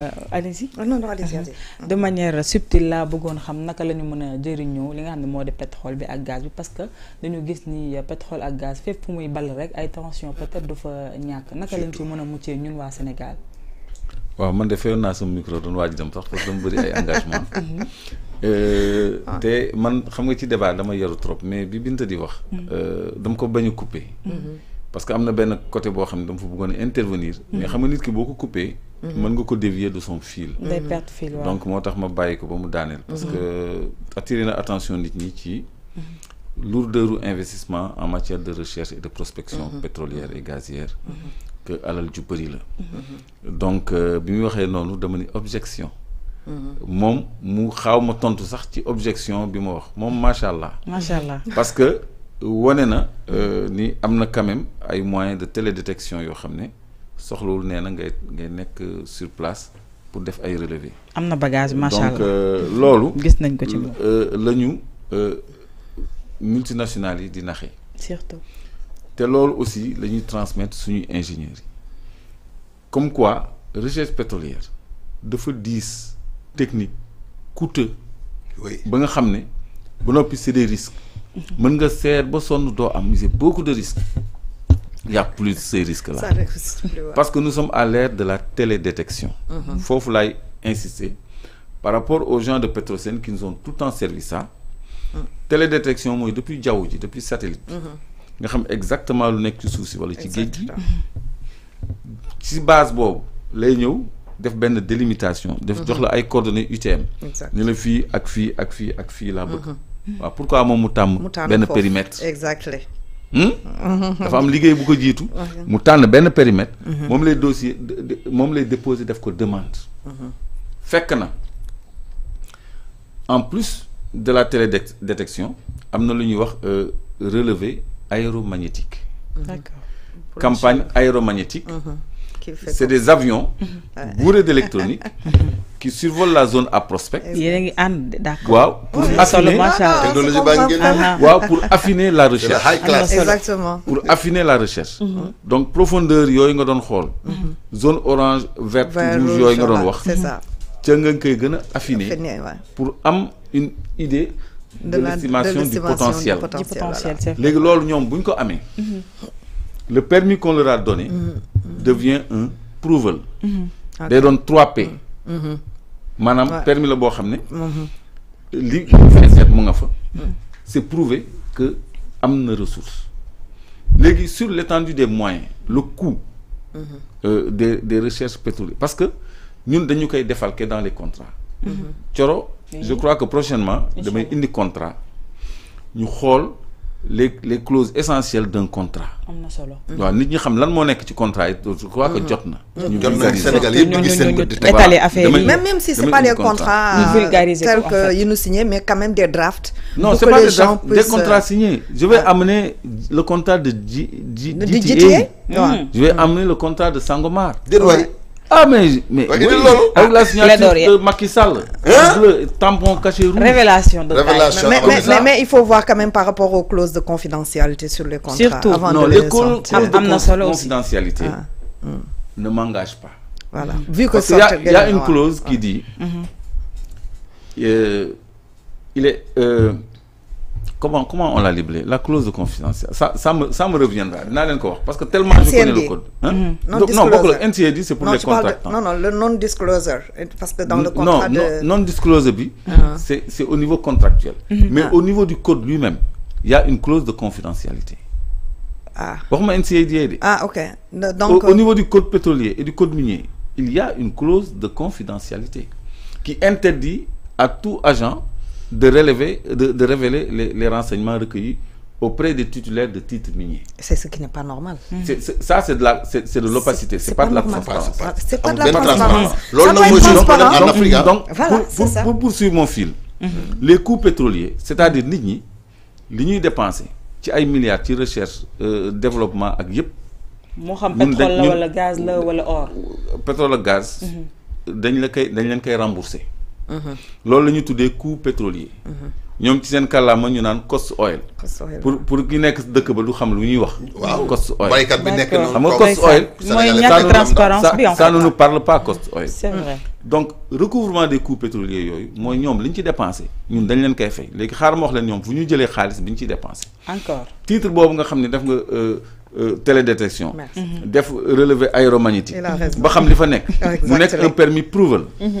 Euh, allez-y ah, non non allez-y euh, de mm-hmm. manière subtile laa bëggoon xam naka la ñu mën a jëriñoo li nga xam ne pétrole bi ak gaz bi parce que dañu gis ni pétrole ak gaz fépp fu muy ball rek ay tension peut-être du fa ñàkk naka lañ ci mën a muccee ñun waa Sénégal waaw man de fayoon naa sama micro doon waaj dem sax parce que dama bëri ay engagement mhm. euh, ah. te man xam nga ci débat dama yaru trop mais bi Binta di wax mhm. dama ko bañ a couper mhm. parce que am na benn côté boo xam ne dama fa bëggoon intervenir mais xam nga nit ki boo ko couper Mm-hmm. mën nga ko dévier de son fil. Mm-hmm. perdu son fil donc ma parce mm-hmm. que attiré investissement en matière de recherche et de prospection pétrolière et gazière. que alal donc euh, objection. mu objection parce que wane euh, ni quand même moyens de télédétection soxlawul nee ngay ngay nekk sur place pour def ay relevé. am na bagage macha donc euh, loolu. gis nañ ko ci euh, lañu ñu euh, multinationales yi di naxee. surtout te loolu aussi lañuy transmettre suñu ingénieurs yi comme quoi recherche pétrolière dafa diis technique coûteux. ba nga xam ne ba noppi c'est des risques. Mhm. mën nga seet ba sonn doo am c'est beaucoup de risques il n'y a plus ces risques-là. Parce que nous sommes à l'ère de la télédétection. Il mm-hmm. faut insister. Par rapport aux gens de Petrocène qui nous ont tout le temps servi ça, mm. télédétection, depuis Djaouji, depuis satellite, mm-hmm. nous exactement le nek qui souci, voilà, qui Si base, Bob, les def doivent délimitation def jox mm-hmm. la ay coordonnées UTM ni la fii ak fii ak là ak pourquoi mon mu périmètre exactement Hmm? dafa am liggéey bu ko tout mu tànn benn périmètre. mom mhm. lay dossier mom lay déposer def ko demande. Mhm. fekk na en plus de la télédétection am na lu relevé euh, relevé aéromagnétique. Mhm. d'accord campagne aéromagnétique c'est des avions bourrés d'électronique qui survolent la zone à prospect. pour affiner ah, ah, pour affiner la recherche. Ah, exactement. pour affiner la recherche. Mhm. donc profondeur yoy nga mhm. zone orange verte rouge yoy nga don wax. c'est ça nga affiner pour am une idée. de l'estimation du potentiel Les Légui lolu ñom buñ ko le permis qu'on leur a donné mm, mm. devient un prouvel. ils donnent 3P. Madame, permis le mm-hmm. mm. c'est prouvé que y ressource sur l'étendue des moyens le coût. Mm-hmm. Euh, des recherches pétrolières parce que nous, devons koy défalquer dans les contrats. Mm-hmm. je crois que prochainement dans indi contrat nous allons les les clauses essentielles d'un contrat. On na solo waaw nit ñi xam lan contrat je crois que c'est mm-hmm. na. Mm-hmm. ñu vulgariser Sénégal yëpp ñu faire. même même si c'est pas des contrats tels que yu ñu signent, mais quand même des drafts. non c'est pas des drafts des contrats euh, signés je vais amener le contrat de G G GTA. Mm. je vais mm. amener le contrat de Sangomar ah mais mais bah, oui, ah, avec la de hein. Macky hein? tampon caché révélation de révélation mais, mais, il faut voir quand même par rapport aux clauses de confidentialité sur le contrats surtout avant non, de les, clauses de confidentialité ah, hmm. ne m'engage pas voilà vu que il y, a, une clause qui ah. dit mm-hmm. euh, il est euh, comment comment on l'a libellé la clause de confidentialité ça ça me ça me reviendra parce que tellement je connais le code. Hein? Mm-hmm. non non le c'est pour les contractants. non non le non disclosure parce que dans le contrat de non non disclosure ah. c'est c'est au niveau contractuel. Mm-hmm. mais ah. au niveau du code lui-même il y a une clause de confidentialité. ah waxuma NCD ah ok donc au niveau du code pétrolier et du code minier il y a une clause de confidentialité qui interdit à tout agent de, relever, de, révéler les, renseignements recueillis auprès des titulaires de titres miniers. C'est ce qui n'est pas normal. ça, c'est de l'opacité, c'est pas, pas, de la transparence. C'est pas, pas, ah, de la transparence. Donc, pour, pour, pour, poursuivre mon fil, mhm. les coûts pétroliers, c'est-à-dire les gens, qui dépensés, qui ont milliards, qui recherche, euh, développement, et moo pétrole gaz la wala or. pétrole le gaz. Mhm. dañ la remboursé. Mhm. loolu le des coûts coût pétrolier. Mhm. ci cost oil. pour pour ki nekk cost oil cost oil. ça ne nous parle pas cost oil. c'est vrai donc recouvrement des coûts pétroliers yooyu mooy ñoom Nous dépensé ñun dañ leen fait. encore titre euh, euh, télédétection. relevé aéromagnétique. un permis prouvel. Mhm.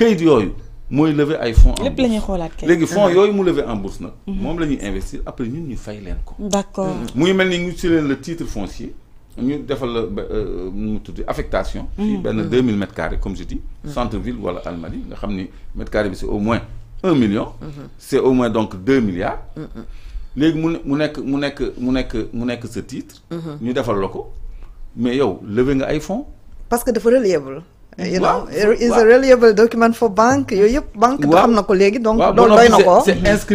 kayit yooyu moy lever ay fonds en bourse lépp kay léegi fonds ah. yooyu mu lever en bourse nak mom mhm. lañuy investir après ñun ñu fay len ko. d'accord mm-hmm. muy melni ñu ci len le titre foncier. ñu defal la euh, nu mu tudd affectation. fi ben 2000 m2 comme je dis. Mhm. centre ville wala Almadies nga xamni m2 carré bi c'est au moins 1 million. Mhm. c'est au moins donc 2 milliards. légui mu nek mu nek mu nek mu nek ce titre. ñu defal lako mais yow lever nga ay fonds. parce que dafa reliable you know is a reliable document pour banque yooyu banque bi xam na ko légui, donc loolu doy na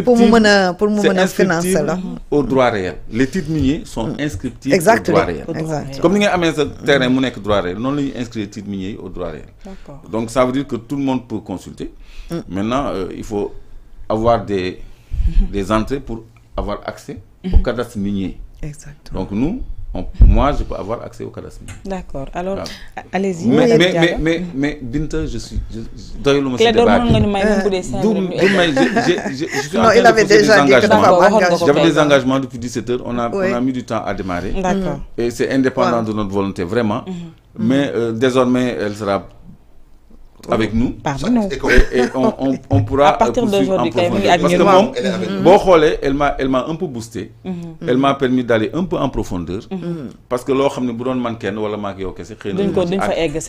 pour mu pour mu financer la au droit réel les titres miniers sont hmm. inscriptibles au droit réel comme ni nga amé sa terrain mu nek droit réel non la ñuy inscrire titres au droit réel donc ça veut dire que tout le monde peut consulter hmm. maintenant euh, il faut avoir des des entrées pour avoir accès hmm. au cadastre minier exactement donc nous moi, je peux avoir accès au cadastre. D'accord. Alors, allez-y. Mais, mais, mais, mais, mais Binta, je suis. Je, je, je, non, il avait déjà des engagements. J'avais des engagements depuis 17 heures. On a, on a mis du temps à démarrer. D'accord. Et c'est indépendant de notre volonté, vraiment. Mhm. Mais euh, désormais, elle sera avec nous. Parmi nous. Et, on, on, on, pourra. À partir d'aujourd'hui, quand même, Parce que mhm. elle, m'a, elle m'a un peu boosté. Mhm. Elle m'a permis d'aller un peu en profondeur. Mhm. Parce que là, je ne man pas wala mak yow kessé xeyna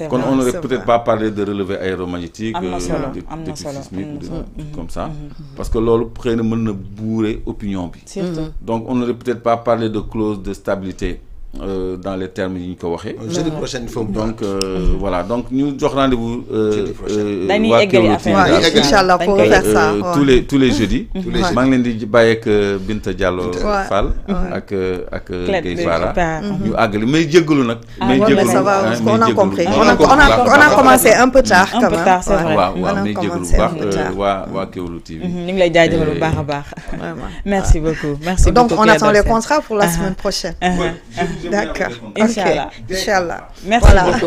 kon on aurait peut-être pas parlé de relevé aéromagnétique euh, de sismique comme ça parce que lolu xeyna mëna bourrer opinion bi donc on aurait peut-être pas parlé de clause de stabilité euh, dans les termes yi ñu ko waxee. jeudi prochaine foofu donc euh, voilà donc ñu jox rendez-vous. Euh, jeudi euh, prochaine dañuy eggali affaire incha allah pour faire euh, ça tous les tous les jeudis. tous les jeudis maa ngi leen di bàyyeeg Binta Diallo. Fall ak ak Guèye Fara. ñu àggali may jéggalu nag. Ah, mais jéggalu ça va ah, ah, on a compris on a on a commencé un peu tard. quand même. un peu tard c'est vrai waaw waaw may jéggalu bu baax waa waa Kéwoulo TV. Mhm, ñu ngi lay jaajëfal bu baax baax. vraiment merci beaucoup merci beaucoup donc on attend les contrats pour la semaine prochaine. D'accord. Inch'Allah. Merci beaucoup.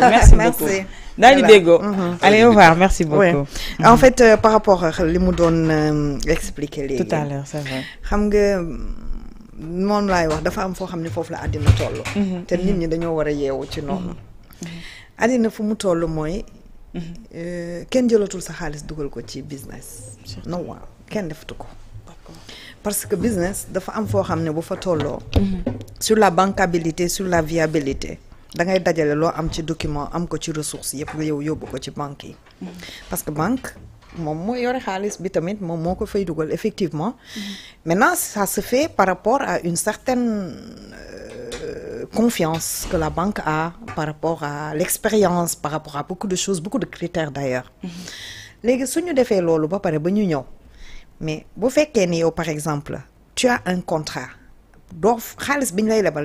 Merci, beaucoup. Mhm. Allez, au revoir. Merci beaucoup. En mhm. fait, euh, par rapport à ce que je expliquer Tout à l'heure, c'est vrai. Je que wax dafa am ne la mhm. te nit ñi a fu mu Qui euh, sa ko ci business. non parce que business il faut foo xam ne bu fa mhm. sur la bancabilité sur la viabilité Il faut dajale des documents, ci ressources pour nga yow yóbbu ko ci banque mhm. parce que banque moom moo yore xaalis bi tamit fay effectivement. Mhm. maintenant ça se fait par rapport à une certaine euh, confiance que la banque a par rapport à l'expérience par rapport à beaucoup de choses beaucoup de critères d'ailleurs. Les su ñu defee ba pare ba ñu ñëw mais vous faites par exemple tu as un contrat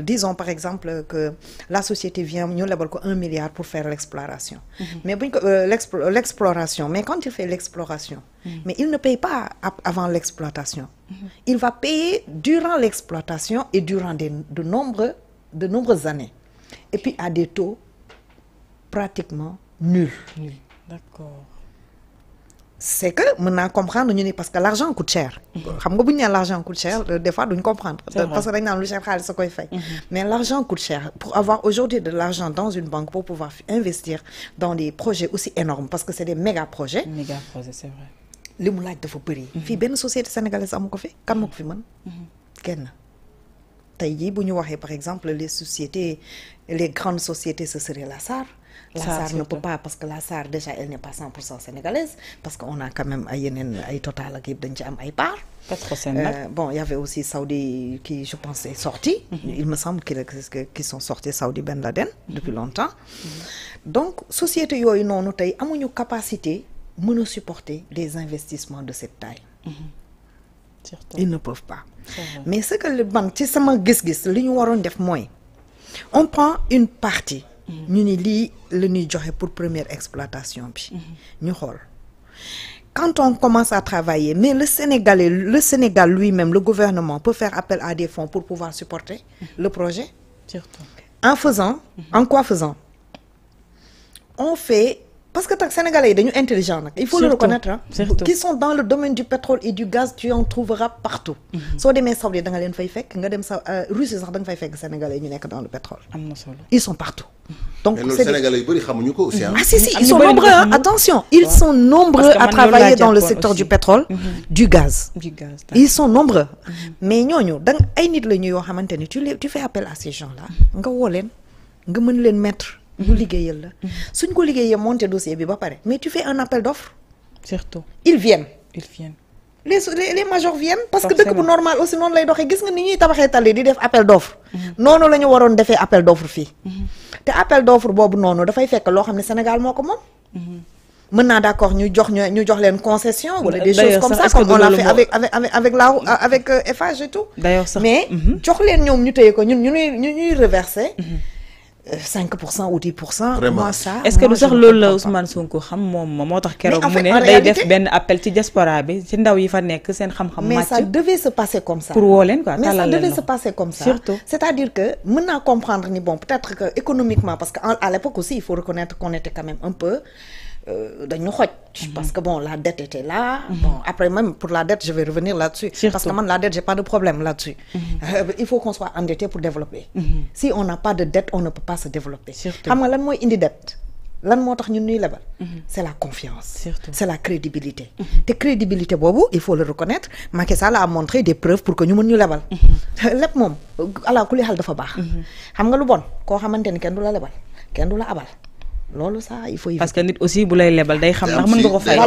disons par exemple que la société vient nous avons un milliard pour faire l'exploration mhm. mais euh, l'exploration mais quand il fait l'exploration mhm. mais il ne paye pas avant l'exploitation mhm. il va payer durant l'exploitation et durant de de nombreuses années et puis à des taux pratiquement nuls d'accord c'est que maintenant comprendre ñu parce que l'argent coûte cher mhm. xam nga l'argent coûte cher euh, des fois duñ comprendre parce que dañ on lu cher xal sa koy fay mhm. mais l'argent coûte cher pour avoir aujourd'hui de l'argent dans une banque pour pouvoir investir dans des projets aussi énormes parce que c'est des méga projets méga projets c'est vrai li mu laaj dafa bëri mhm. fii benn société sénégalaise amu ko fi kan ma ko fi mën kenn tey jii bu ñu par exemple les sociétés les grandes sociétés ce serait la SAR la SAR ne peut pas parce que la SAR déjà elle n'est pas 100% sénégalaise parce qu'on a quand même un ay Total qui est dañ ci am euh, bon il y avait aussi Saudi qui je pense est sorti. Mhm. il me semble qu'ils sont sortis Saudi Ben Laden. Mhm. depuis longtemps. Donc, -hmm. donc société yooyu nous tey capacité de supporter des investissements de cette taille. Mhm. ils ne peuvent pas mais ce que les banques c'est sama gis-gis on prend une partie nous ni le la pour première exploitation bi ñu quand on commence à travailler mais le Sénégalais le Sénégal lui-même le gouvernement peut faire appel à des fonds pour pouvoir supporter le projet en faisant en quoi faisant on fait parce que tak sénégalais yi dañu intelligent il faut le reconnaître hein. qui sont dans le domaine du pétrole et du gaz tu en trouveras partout mhm. soo demee Saoudi da nga leen fay fekk nga dem sa euh, Russie sax da nga fay sénégalais yi ñu dans le pétrole ils sont partout donc les sénégalais yu bëri xamuñu ko aussi hein. ah si si ils sont nombreux attention ils sont nombreux à travailler dans le secteur du pétrole du gaz ils sont nombreux mais ils da nga ay nit la ñu tu fais appel à ces gens là mhm. nga les nga mën les mettre ñu liggéeyal la suñ dossier mais tu fais un appel d'offres surtout ils viennent ils viennent les majors viennent parce que c'est normal aussi lay Ils nga ni appel d'offres Nous, ils appel d'offres mhm. appel d'offres Sénégal mhm. d'accord concession des choses comme ça comme on fait avec avec avec avec mhm. euh, et tout d'ailleurs mais 5% ou 10% ça est-ce que nous avons Ousmane Sonko xam mu day def diaspora mais ça devait se passer comme ça pour ça devait se passer comme ça c'est-à-dire que comprendre ni bon peut-être que économiquement parce que à l'époque aussi il faut reconnaître qu'on était quand même un peu euh, mhm. parce que bon la dette était là mhm. bon après même pour la dette je vais revenir là-dessus parce que moi la dette j'ai pas de problème là-dessus mhm. euh, il faut qu'on soit endetté pour développer si on n'a pas de dette on ne peut pas se développer c'est la confiance c'est la crédibilité te crédibilité vous, il faut le reconnaître Macky Sall a montré des preuves pour que nous nous ñu lebal lépp moom alaa kulli dafa baax xam nga bon ko xamante ni la lebal abal il faut parce que nit aussi bu lay lebal day xam ndax mën nga ko fay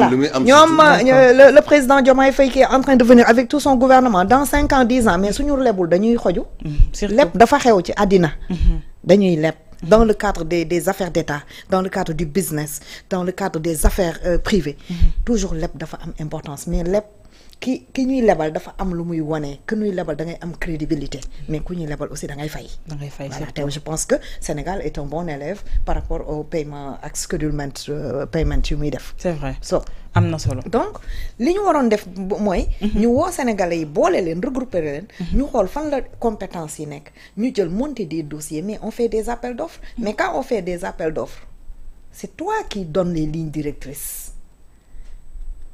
ñom euh, le président Diomaye Faye qui est en train de venir avec tout son gouvernement dans 5 ans 10 ans mais suñu lebul dañuy xoju mm-hmm. lepp dafa xew ci adina mm-hmm. dañuy lepp mm-hmm. dans le cadre des des affaires d'État dans le cadre du business dans le cadre des affaires euh, privées toujours leb dafa am importance mais leb qui, qui ñuy label dafa am lu muy que ñuy label da am crédibilité mm. mais ku ñuy label aussi da ngay fay. voilà je pense que Sénégal est un bon élève par rapport au paiement ak schedulement euh, paiement yu muy def. c'est vrai so am non solo. donc li ñu waroon def mooy. Mm-hmm. ñu Sénégalais yi les regrouper leen. Mm-hmm. ñu xool fan la compétence yi Nous ñu jël monter des dossiers mais on fait des appels d'offres mm-hmm. mais quand on fait des appels d'offres c'est toi qui donne les lignes directrices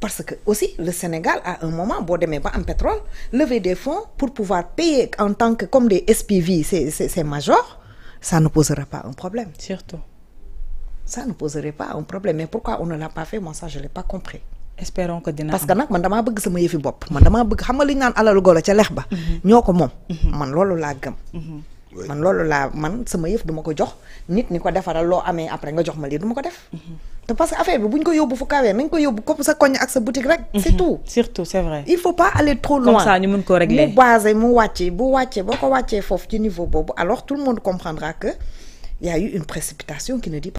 parce que aussi le Sénégal à un moment boo en pétrole lever des fonds pour pouvoir payer en tant que comme des SPV c'est major, ça ne posera pas un problème. surtout. ça ne poserait pas un problème mais pourquoi on ne l'a pas fait moi ça je ne l'ai pas compris. espérons que dina parce que nak man dama bëgg sama yëfi bop man dama bëgg xam nga li ñu naan alalu golo ci lex ba. Mhm. ñoko mom mhm. man loolu la gëm. Mhm man loolu laa man sama yëf duma ko jox nit ni ko defaral loo amee après nga jox ma lii duma ko def mhm. te parce que affaire bi bu ñu ko yóbbu fu kawee nañ ko yóbbu comme sa koñ ak sa boutique rek mhm. c'est tout surtout c'est vrai il faut pas aller trop loin comme ça ñu mën ko régler mu basé mu wàccee bu wàccee boo ko wàccee foofu ci niveau boobu alors tout le monde comprendra que y a eu une précipitation qui ne dit